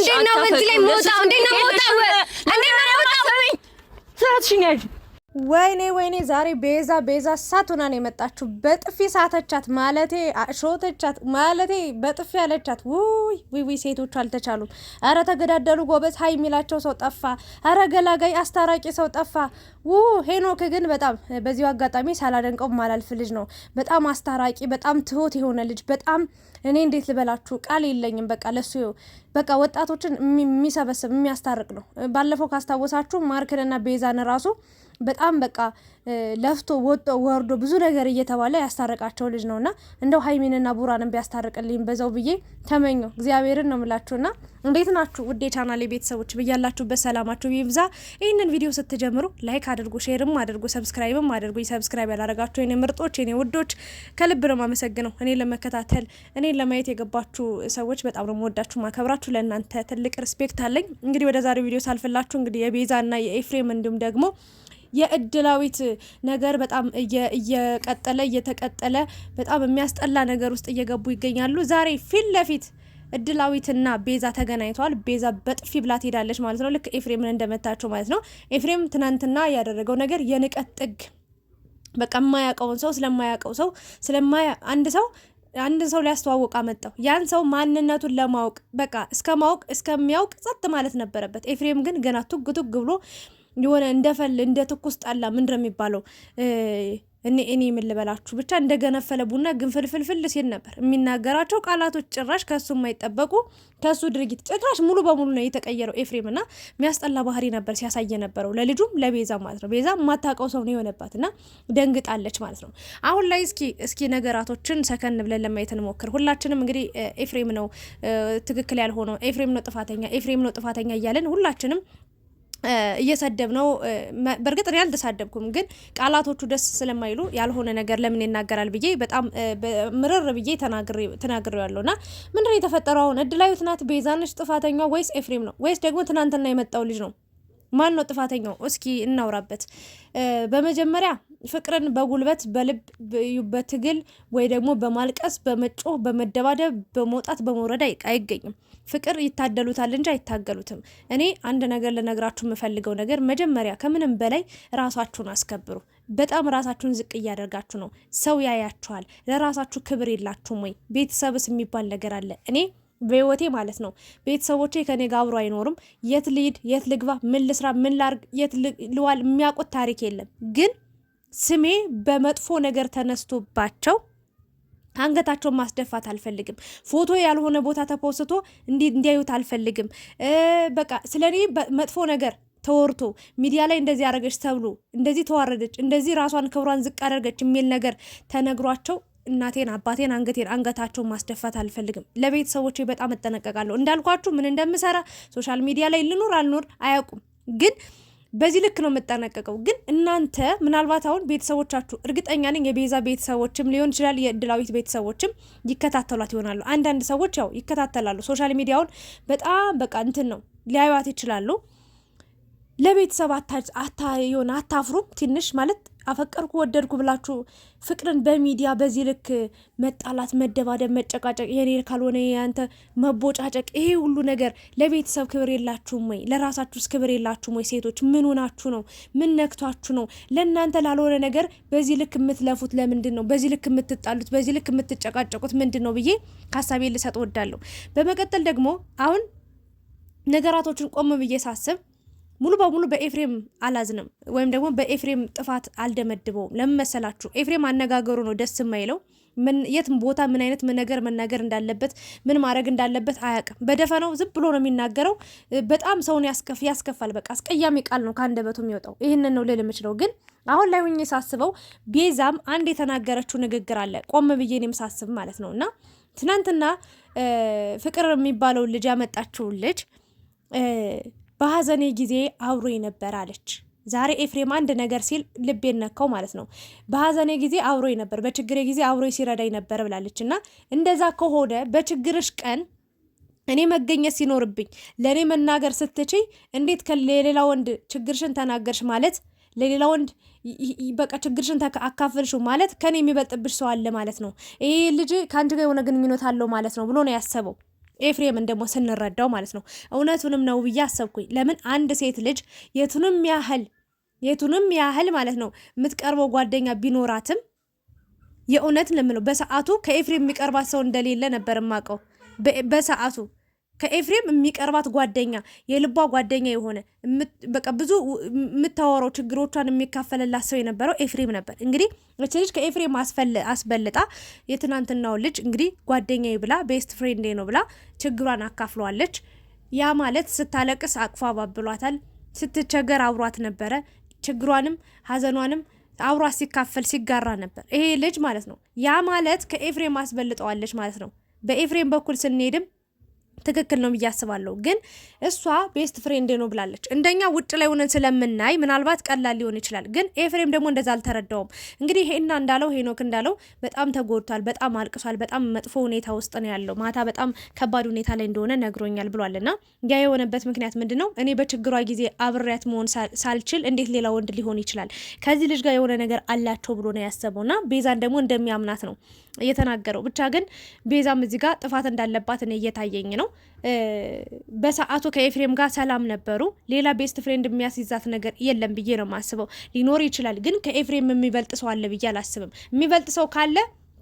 እንዴት ነው በዚህ ላይ መውጣው? እንዴት ነው መውጣው? እንዴት ነው መውጣው? ሰዓትሽን ያዥ ወይኔ ወይኔ ዛሬ ቤዛ ቤዛ እሳት ሆና ነው የመጣችሁ። በጥፊ ሳተቻት ማለቴ ሾተቻት ማለቴ በጥፊ ያለቻት። ውይ ውይ ውይ ሴቶቹ አልተቻሉም። አረ ተገዳደሉ ጎበዝ። ሀይ የሚላቸው ሰው ጠፋ። አረ ገላጋይ አስታራቂ ሰው ጠፋ። ው ሄኖክ ግን በጣም በዚሁ አጋጣሚ ሳላደንቀው ማላልፍ ልጅ ነው። በጣም አስታራቂ፣ በጣም ትሁት የሆነ ልጅ በጣም እኔ እንዴት ልበላችሁ ቃል የለኝም። በቃ ለሱ በቃ ወጣቶችን የሚሰበስብ የሚያስታርቅ ነው። ባለፈው ካስታወሳችሁ ማርክንና ቤዛን ራሱ በጣም በቃ ለፍቶ ወጦ ወርዶ ብዙ ነገር እየተባለ ያስታረቃቸው ልጅ ነውና እንደው ሀይሚንና ቡራንም ቢያስታርቅልኝ በዛው ብዬ ተመኘ እግዚአብሔርን ነው ምላችሁና እንዴት ናችሁ ውዴ ቻናሌ ቤተሰቦች፣ ብያላችሁበት ሰላማችሁ ይብዛ። ይህንን ቪዲዮ ስትጀምሩ ላይክ አድርጉ፣ ሼርም አድርጉ፣ ሰብስክራይብም አድርጉ። ሰብስክራይብ ያላረጋችሁ የኔ ምርጦች፣ የኔ ውዶች ከልብ ነው ማመሰግነው። እኔ ለመከታተል እኔ ለማየት የገባችሁ ሰዎች በጣም ነው መወዳችሁ፣ ማከብራችሁ። ለእናንተ ትልቅ ሪስፔክት አለኝ። እንግዲህ ወደ ዛሬው ቪዲዮ ሳልፍላችሁ እንግዲህ ና የኤፍሬም እንዲሁም ደግሞ የእድላዊት ነገር በጣም እየቀጠለ እየተቀጠለ በጣም የሚያስጠላ ነገር ውስጥ እየገቡ ይገኛሉ። ዛሬ ፊት ለፊት እድላዊትና ቤዛ ተገናኝተዋል። ቤዛ በጥፊ ብላ ትሄዳለች ማለት ነው። ልክ ኤፍሬምን እንደመታቸው ማለት ነው። ኤፍሬም ትናንትና ያደረገው ነገር የንቀት ጥግ በቃ የማያውቀውን ሰው ስለማያውቀው ሰው ስለማያ አንድ ሰው አንድን ሰው ሊያስተዋውቅ አመጣው። ያን ሰው ማንነቱን ለማወቅ በቃ እስከ ማወቅ እስከሚያውቅ ጸጥ ማለት ነበረበት። ኤፍሬም ግን ገና ቱግ ቱግ ብሎ የሆነ እንደፈል እንደ ትኩስ ጠላ ምንድን ነው የሚባለው? እኔ እኔ ምን ልበላችሁ ብቻ እንደገነፈለ ቡና ግን ፍልፍልፍል ሲል ነበር የሚናገራቸው ቃላቶች። ጭራሽ ከሱ የማይጠበቁ ከሱ ድርጊት ጭራሽ ሙሉ በሙሉ ነው የተቀየረው። ኤፍሬም እና የሚያስጠላ ባህሪ ነበር ሲያሳየ ነበረው ለልጁም ለቤዛ ማለት ነው። ቤዛ የማታውቀው ሰው ነው የሆነባት እና ደንግጣለች ማለት ነው። አሁን ላይ እስኪ እስኪ ነገራቶችን ሰከን ብለን ለማየት እንሞክር። ሁላችንም እንግዲህ ኤፍሬም ነው ትክክል ያልሆነው፣ ኤፍሬም ነው ጥፋተኛ፣ ኤፍሬም ነው ጥፋተኛ እያለን ሁላችንም እየሰደብ ነው። በእርግጥ እኔ አልተሳደብኩም፣ ግን ቃላቶቹ ደስ ስለማይሉ ያልሆነ ነገር ለምን ይናገራል ብዬ በጣም ምርር ብዬ ያለው እና ምንድን የተፈጠረው አሁን? እድላዊት ናት ቤዛነች ጥፋተኛ ወይስ ኤፍሬም ነው? ወይስ ደግሞ ትናንትና የመጣው ልጅ ነው? ማን ነው ጥፋተኛው? እስኪ እናውራበት። በመጀመሪያ ፍቅርን በጉልበት በልብ በትግል ወይ ደግሞ በማልቀስ በመጮህ በመደባደብ በመውጣት በመውረድ አይገኝም። ፍቅር ይታደሉታል እንጂ አይታገሉትም። እኔ አንድ ነገር ልነግራችሁ የምፈልገው ነገር መጀመሪያ ከምንም በላይ ራሳችሁን አስከብሩ። በጣም ራሳችሁን ዝቅ እያደርጋችሁ ነው። ሰው ያያችኋል። ለራሳችሁ ክብር የላችሁም ወይ? ቤተሰብስ የሚባል ነገር አለ። እኔ በህይወቴ ማለት ነው። ቤተሰቦቼ ከኔ ጋር አብሮ አይኖሩም። የት ልሂድ፣ የት ልግባ፣ ምን ልስራ፣ ምን ላርግ፣ የት ልዋል የሚያውቁት ታሪክ የለም። ግን ስሜ በመጥፎ ነገር ተነስቶባቸው አንገታቸውን ማስደፋት አልፈልግም። ፎቶ ያልሆነ ቦታ ተፖስቶ እንዲያዩት አልፈልግም። በቃ ስለ እኔ መጥፎ ነገር ተወርቶ ሚዲያ ላይ እንደዚህ ያደረገች ተብሎ እንደዚህ ተዋረደች፣ እንደዚህ ራሷን ክብሯን ዝቅ አደረገች የሚል ነገር ተነግሯቸው እናቴን አባቴን አንገቴን አንገታቸውን ማስደፋት አልፈልግም። ለቤተሰቦች በጣም እጠነቀቃለሁ። እንዳልኳችሁ ምን እንደምሰራ ሶሻል ሚዲያ ላይ ልኑር አልኖር አያውቁም ግን በዚህ ልክ ነው የምጠነቀቀው። ግን እናንተ ምናልባት አሁን ቤተሰቦቻችሁ እርግጠኛ ነኝ የቤዛ ቤተሰቦችም ሊሆን ይችላል የእድላዊት ቤተሰቦችም ይከታተሏት ይሆናሉ። አንዳንድ ሰዎች ያው ይከታተላሉ። ሶሻል ሚዲያውን በጣም በቃ እንትን ነው ሊያዩት ይችላሉ። ለቤተሰብ አታ የሆነ አታፍሩም? ትንሽ ማለት አፈቀርኩ ወደድኩ ብላችሁ ፍቅርን በሚዲያ በዚህ ልክ መጣላት፣ መደባደብ፣ መጨቃጨቅ የኔ ካልሆነ ያንተ መቦጫጨቅ፣ ይሄ ሁሉ ነገር ለቤተሰብ ክብር የላችሁም ወይ? ለራሳችሁስ ክብር የላችሁም ወይ? ሴቶች ምን ሆናችሁ ነው? ምን ነክቷችሁ ነው? ለእናንተ ላልሆነ ነገር በዚህ ልክ የምትለፉት ለምንድን ነው? በዚህ ልክ የምትጣሉት፣ በዚህ ልክ የምትጨቃጨቁት ምንድን ነው ብዬ ሀሳቤ ልሰጥ ወዳለሁ። በመቀጠል ደግሞ አሁን ነገራቶችን ቆም ብዬ ሳስብ ሙሉ በሙሉ በኤፍሬም አላዝንም ወይም ደግሞ በኤፍሬም ጥፋት አልደመድበውም። ለመሰላችሁ ኤፍሬም አነጋገሩ ነው ደስ የማይለው። ምን የት ቦታ ምን አይነት ምን ነገር መናገር እንዳለበት ምን ማድረግ እንዳለበት አያውቅም። በደፈነው ዝም ብሎ ነው የሚናገረው። በጣም ሰውን ያስከፍ ያስከፋል። በቃ አስቀያሚ ቃል ነው ከአንደበቱ የሚወጣው። ይህንን ነው ልል የምችለው። ግን አሁን ላይ ሁኜ ሳስበው ቤዛም አንድ የተናገረችው ንግግር አለ ቆም ብዬ እኔም ሳስብ ማለት ነው እና ትናንትና ፍቅር የሚባለው ልጅ ያመጣችውን ልጅ በሀዘኔ ጊዜ አብሮ ነበር አለች። ዛሬ ኤፍሬም አንድ ነገር ሲል ልቤን ነካው ማለት ነው። በሀዘኔ ጊዜ አብሮ ነበር፣ በችግሬ ጊዜ አብሮ ሲረዳኝ ነበር ብላለች። እና እንደዛ ከሆነ በችግርሽ ቀን እኔ መገኘት ሲኖርብኝ ለእኔ መናገር ስትችይ እንዴት ከሌላ ወንድ ችግርሽን ተናገርሽ ማለት ለሌላ ወንድ በቃ ችግርሽን አካፈልሽው ማለት ከኔ የሚበልጥብሽ ሰው አለ ማለት ነው። ይሄ ልጅ ከአንቺ ጋር የሆነ ግንኙነት አለው ማለት ነው ብሎ ነው ያሰበው። ኤፍሬምን ደግሞ ስንረዳው ማለት ነው። እውነቱንም ነው ብዬ አሰብኩኝ። ለምን አንድ ሴት ልጅ የቱንም ያህል የቱንም ያህል ማለት ነው የምትቀርበው ጓደኛ ቢኖራትም የእውነት ነው በሰዓቱ ከኤፍሬም የሚቀርባት ሰው እንደሌለ ነበር የማውቀው በሰዓቱ ከኤፍሬም የሚቀርባት ጓደኛ የልቧ ጓደኛ የሆነ በቃ ብዙ የምታወራው ችግሮቿን የሚካፈልላት ሰው የነበረው ኤፍሬም ነበር። እንግዲህ እች ልጅ ከኤፍሬም አስበልጣ የትናንትናው ልጅ እንግዲህ ጓደኛ ብላ ቤስት ፍሬንዴ ነው ብላ ችግሯን አካፍለዋለች። ያ ማለት ስታለቅስ አቅፏ አባብሏታል። ስትቸገር አብሯት ነበረ። ችግሯንም ሀዘኗንም አብሯ ሲካፈል ሲጋራ ነበር ይሄ ልጅ ማለት ነው። ያ ማለት ከኤፍሬም አስበልጠዋለች ማለት ነው። በኤፍሬም በኩል ስንሄድም ትክክል ነው ብዬ አስባለሁ። ግን እሷ ቤስት ፍሬንድ ነው ብላለች። እንደኛ ውጭ ላይ ሆነን ስለምናይ ምናልባት ቀላል ሊሆን ይችላል። ግን ኤፍሬም ደግሞ እንደዛ አልተረዳውም። እንግዲህ ሄና እንዳለው ሄኖክ እንዳለው በጣም ተጎድቷል፣ በጣም አልቅሷል፣ በጣም መጥፎ ሁኔታ ውስጥ ነው ያለው። ማታ በጣም ከባድ ሁኔታ ላይ እንደሆነ ነግሮኛል ብሏል። እና ያ የሆነበት ምክንያት ምንድን ነው? እኔ በችግሯ ጊዜ አብሬያት መሆን ሳልችል እንዴት ሌላ ወንድ ሊሆን ይችላል? ከዚህ ልጅ ጋር የሆነ ነገር አላቸው ብሎ ነው ያሰበው። እና ቤዛን ደግሞ እንደሚያምናት ነው እየተናገረው ብቻ ግን ቤዛም እዚህ ጋር ጥፋት እንዳለባት እኔ እየታየኝ ነው በሰዓቱ ከኤፍሬም ጋር ሰላም ነበሩ። ሌላ ቤስት ፍሬንድ የሚያስይዛት ነገር የለም ብዬ ነው የማስበው። ሊኖር ይችላል፣ ግን ከኤፍሬም የሚበልጥ ሰው አለ ብዬ አላስብም። የሚበልጥ ሰው ካለ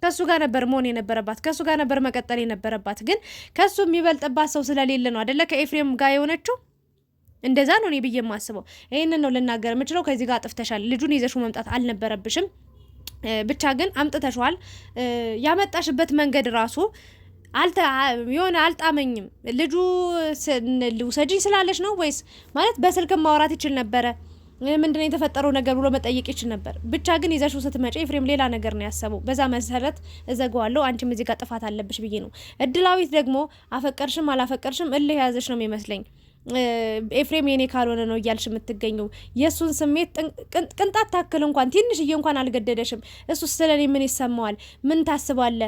ከሱ ጋር ነበር መሆን የነበረባት፣ ከሱ ጋር ነበር መቀጠል የነበረባት። ግን ከሱ የሚበልጥባት ሰው ስለሌለ ነው አደለ ከኤፍሬም ጋር የሆነችው። እንደዛ ነው እኔ ብዬ የማስበው። ይህንን ነው ልናገር የምችለው። ከዚህ ጋር አጥፍተሻል። ልጁን ይዘሹ መምጣት አልነበረብሽም። ብቻ ግን አምጥተሸዋል። ያመጣሽበት መንገድ ራሱ የሆነ አልጣመኝም። ልጁ ልውሰጅኝ ስላለች ነው ወይስ ማለት በስልክም ማውራት ይችል ነበረ። ምንድን ነው የተፈጠረው ነገር ብሎ መጠየቅ ይችል ነበር። ብቻ ግን ይዘሽው ስትመጪ ኤፍሬም ሌላ ነገር ነው ያሰበው። በዛ መሰረት እዘጋዋለሁ፣ አንቺም እዚህ ጋር ጥፋት አለብሽ ብዬ ነው። እድላዊት ደግሞ አፈቀርሽም አላፈቀርሽም እልህ ያዘሽ ነው የሚመስለኝ ኤፍሬም የኔ ካልሆነ ነው እያልሽ የምትገኘው። የእሱን ስሜት ቅንጣት ታክል እንኳን ትንሽዬ እንኳን አልገደደሽም። እሱ ስለ እኔ ምን ይሰማዋል? ምን ታስባለ?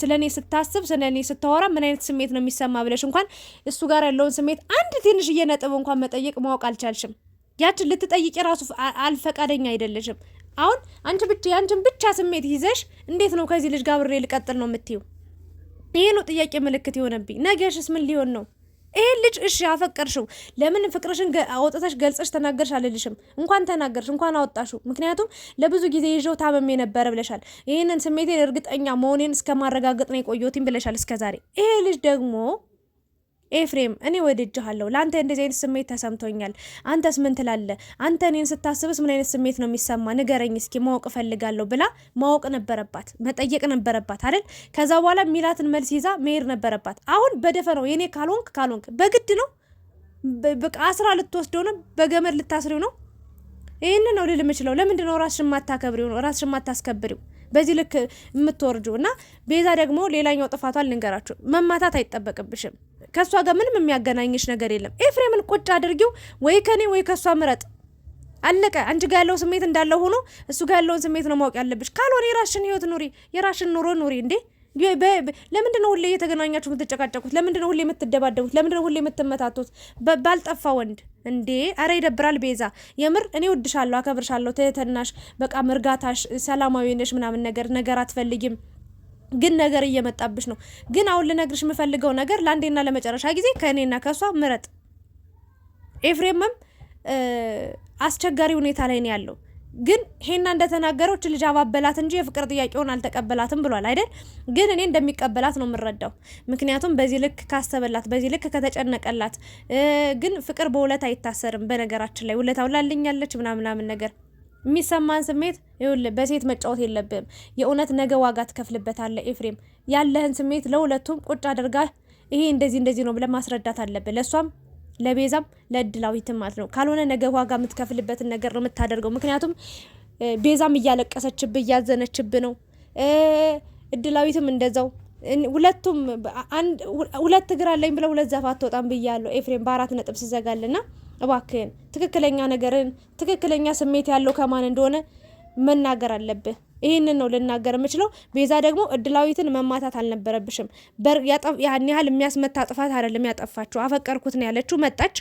ስለ እኔ ስታስብ፣ ስለ እኔ ስታወራ ምን አይነት ስሜት ነው የሚሰማ ብለሽ እንኳን እሱ ጋር ያለውን ስሜት አንድ ትንሽዬ ነጥብ እንኳን መጠየቅ ማወቅ አልቻልሽም። ያችን ልትጠይቂ ራሱ አልፈቃደኛ አይደለሽም። አሁን አንቺ ብቻ ያንቺን ብቻ ስሜት ይዘሽ እንዴት ነው ከዚህ ልጅ ጋር ልቀጥል ነው የምትይው? ይሄ ነው ጥያቄ ምልክት የሆነብኝ። ነገሽስ ምን ሊሆን ነው? ይሄ ልጅ እሺ አፈቀርሽው፣ ለምን ፍቅርሽን አወጥተሽ ገልጸሽ ተናገርሽ አልልሽም። እንኳን ተናገርሽ፣ እንኳን አወጣሽው። ምክንያቱም ለብዙ ጊዜ ይዤው ታመሜ ነበረ ብለሻል። ይህንን ስሜቴን እርግጠኛ መሆኔን እስከማረጋገጥ ነው የቆየሁትኝ ብለሻል እስከዛሬ። ይሄ ልጅ ደግሞ ኤፍሬም እኔ ወድጄሃለሁ። ለአንተ እንደዚህ አይነት ስሜት ተሰምቶኛል። አንተስ ምን ትላለህ? አንተ እኔን ስታስብስ ምን አይነት ስሜት ነው የሚሰማ? ንገረኝ እስኪ ማወቅ እፈልጋለሁ ብላ ማወቅ ነበረባት፣ መጠየቅ ነበረባት አይደል? ከዛ በኋላ ሚላትን መልስ ይዛ መሄድ ነበረባት። አሁን በደፈነው የኔ ካልሆንክ ካልሆንክ በግድ ነው በቃ አስራ ልትወስደው ነው፣ በገመድ ልታስሪው ነው። ይህንን ነው ልል የምችለው። ለምንድን ነው ራስሽን የማታከብሪው? ራስሽን የማታስከብሪው በዚህ ልክ የምትወርጁ እና ቤዛ ደግሞ ሌላኛው ጥፋቷ ልንገራችሁ፣ መማታት አይጠበቅብሽም ከእሷ ጋር ምንም የሚያገናኝሽ ነገር የለም። ኤፍሬምን ቁጭ አድርጊው፣ ወይ ከኔ ወይ ከእሷ ምረጥ። አለቀ። አንቺ ጋር ያለው ስሜት እንዳለ ሆኖ እሱ ጋር ያለውን ስሜት ነው ማወቅ ያለብሽ። ካልሆነ የራሽን ህይወት ኑሪ፣ የራሽን ኑሮ ኑሪ። እንዴ ለምንድን ነው ሁሌ እየተገናኛችሁ የምትጨቃጨቁት? ለምንድን ነው ሁሌ የምትደባደቡት? ለምንድን ነው ሁሌ የምትመታቱት? ባልጠፋ ወንድ እንዴ! አረ ይደብራል። ቤዛ የምር እኔ ውድሻለሁ፣ አከብርሻለሁ። ትህትናሽ፣ በቃ ምርጋታሽ፣ ሰላማዊ ነሽ ምናምን ነገር ነገር አትፈልጊም ግን ነገር እየመጣብሽ ነው። ግን አሁን ልነግርሽ የምፈልገው ነገር ለአንዴና ለመጨረሻ ጊዜ ከእኔና ከእሷ ምረጥ። ኤፍሬምም አስቸጋሪ ሁኔታ ላይ ነው ያለው። ግን ሄና እንደተናገረው ልጅ አባበላት እንጂ የፍቅር ጥያቄውን አልተቀበላትም ብሏል አይደል? ግን እኔ እንደሚቀበላት ነው የምረዳው። ምክንያቱም በዚህ ልክ ካሰበላት፣ በዚህ ልክ ከተጨነቀላት። ግን ፍቅር በውለት አይታሰርም። በነገራችን ላይ ውለታ ውላልኛለች ምናምናምን ነገር የሚሰማን ስሜት ይኸውልህ፣ በሴት መጫወት የለብህም። የእውነት ነገ ዋጋ ትከፍልበታለህ። ኤፍሬም ያለህን ስሜት ለሁለቱም ቁጭ አድርጋ ይሄ እንደዚህ እንደዚህ ነው ብለህ ማስረዳት አለብህ፣ ለእሷም ለቤዛም ለእድላዊትም ማለት ነው። ካልሆነ ነገ ዋጋ የምትከፍልበትን ነገር ነው የምታደርገው። ምክንያቱም ቤዛም እያለቀሰችብህ እያዘነችብህ ነው፣ እድላዊትም እንደዛው። ሁለቱም ሁለት እግር አለኝ ብለው ሁለት ዘፋ አትወጣም ብያለሁ ኤፍሬም በአራት ነጥብ ስዘጋልና እባክህን ትክክለኛ ነገርን ትክክለኛ ስሜት ያለው ከማን እንደሆነ መናገር አለብህ። ይህንን ነው ልናገር የምችለው። ቤዛ ደግሞ እድላዊትን መማታት አልነበረብሽም። ያን ያህል የሚያስመታ ጥፋት አይደለም ያጠፋችሁ። አፈቀርኩት ነው ያለችው። መጣች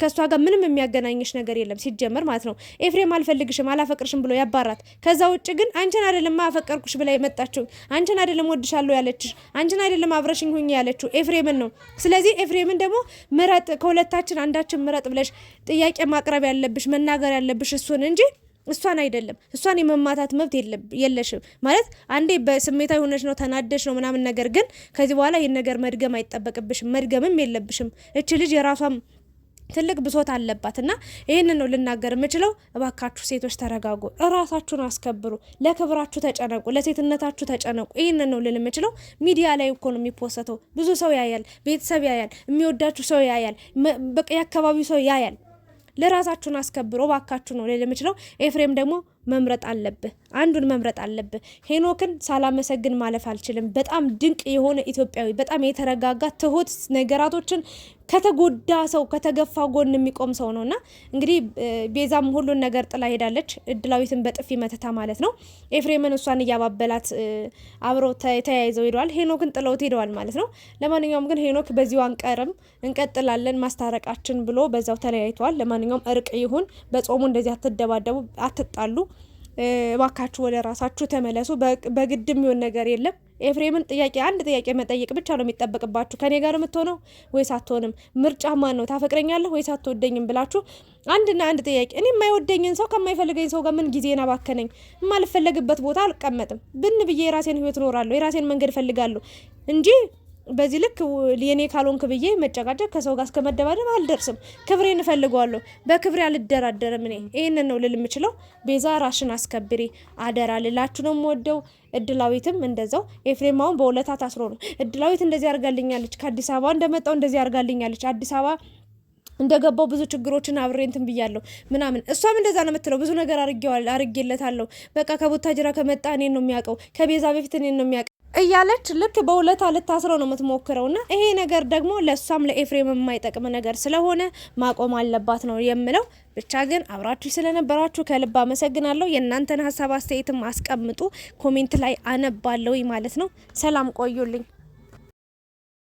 ከእሷ ጋር ምንም የሚያገናኝሽ ነገር የለም ሲጀመር ማለት ነው። ኤፍሬም አልፈልግሽም፣ አላፈቅርሽም ብሎ ያባራት። ከዛ ውጭ ግን አንቺን አይደለም አፈቀርኩሽ ብላ የመጣችው አንቺን አይደለም ወድሻለሁ ያለችሽ አንቺን አይደለም አብረሽኝ ሁኝ ያለችው ኤፍሬምን ነው። ስለዚህ ኤፍሬምን ደግሞ ምረጥ፣ ከሁለታችን አንዳችን ምረጥ ብለሽ ጥያቄ ማቅረብ ያለብሽ መናገር ያለብሽ እሱን እንጂ እሷን አይደለም እሷን የመማታት መብት የለሽም። ማለት አንዴ በስሜታዊ ሆነች ነው ተናደሽ ነው ምናምን፣ ነገር ግን ከዚህ በኋላ ይህን ነገር መድገም አይጠበቅብሽም፣ መድገምም የለብሽም። እች ልጅ የራሷም ትልቅ ብሶት አለባት እና ይህንን ነው ልናገር የምችለው። እባካችሁ ሴቶች ተረጋጉ፣ እራሳችሁን አስከብሩ፣ ለክብራችሁ ተጨነቁ፣ ለሴትነታችሁ ተጨነቁ። ይህንን ነው ልን የምችለው። ሚዲያ ላይ እኮ ነው የሚፖሰተው። ብዙ ሰው ያያል፣ ቤተሰብ ያያል፣ የሚወዳችሁ ሰው ያያል፣ በቃ የአካባቢው ሰው ያያል። ለራሳችሁን አስከብሮ ባካችሁ ነው ሌላ የምችለው። ኤፍሬም ደግሞ መምረጥ አለብህ፣ አንዱን መምረጥ አለብህ። ሄኖክን ሳላመሰግን ማለፍ አልችልም። በጣም ድንቅ የሆነ ኢትዮጵያዊ፣ በጣም የተረጋጋ ትሁት፣ ነገራቶችን ከተጎዳ ሰው ከተገፋ ጎን የሚቆም ሰው ነው እና እንግዲህ ቤዛም ሁሉን ነገር ጥላ ሄዳለች። እድላዊትን በጥፊ መተታ ማለት ነው። ኤፍሬምን እሷን እያባበላት አብረው ተያይዘው ሄደዋል። ሄኖክን ጥለውት ሄደዋል ማለት ነው። ለማንኛውም ግን ሄኖክ በዚሁ አንቀርም እንቀጥላለን ማስታረቃችን ብሎ በዛው ተለያይተዋል። ለማንኛውም እርቅ ይሁን። በጾሙ እንደዚህ አትደባደቡ፣ አትጣሉ። እባካችሁ ወደ ራሳችሁ ተመለሱ። በግድ የሚሆን ነገር የለም። ኤፍሬምን ጥያቄ አንድ ጥያቄ መጠየቅ ብቻ ነው የሚጠበቅባችሁ። ከኔ ጋር የምትሆነው ወይስ አትሆንም፣ ምርጫ ማን ነው፣ ታፈቅረኛለህ ወይስ አትወደኝም ብላችሁ አንድና አንድ ጥያቄ። እኔ የማይወደኝን ሰው ከማይፈልገኝ ሰው ጋር ምን ጊዜን አባከነኝ? የማልፈለግበት ቦታ አልቀመጥም። ብን ብዬ የራሴን ህይወት እኖራለሁ፣ የራሴን መንገድ እፈልጋለሁ እንጂ በዚህ ልክ የኔ ካልሆንክ ብዬ መጨቃጨቅ ከሰው ጋር እስከመደባደብ አልደርስም። ክብሬ እንፈልገዋለሁ በክብሬ አልደራደርም። እኔ ይህንን ነው ልል የምችለው። ቤዛ ራሽን አስከብሪ አደራ ልላችሁ ነው የምወደው። እድላዊትም እንደዛው ኤፍሬማውን በሁለታ ታስሮ ነው። እድላዊት እንደዚህ አድርጋልኛለች፣ ከአዲስ አበባ እንደመጣው እንደዚህ አርጋልኛለች አዲስ አበባ እንደገባው ብዙ ችግሮችን አብሬ እንትን ብያለሁ ምናምን። እሷም እንደዛ ነው የምትለው። ብዙ ነገር አርጌዋል አርጌለታለሁ። በቃ ከቡታጅራ ከመጣ እኔን ነው የሚያውቀው። ከቤዛ በፊት እኔን ነው የሚያውቀው። እያለች ልክ በሁለት ልታስረው ነው የምትሞክረው። እና ይሄ ነገር ደግሞ ለእሷም ለኤፍሬም የማይጠቅም ነገር ስለሆነ ማቆም አለባት ነው የምለው። ብቻ ግን አብራችሁ ስለነበራችሁ ከልብ አመሰግናለሁ። የእናንተን ሀሳብ አስተያየትም አስቀምጡ፣ ኮሜንት ላይ አነባለሁ ማለት ነው። ሰላም ቆዩልኝ።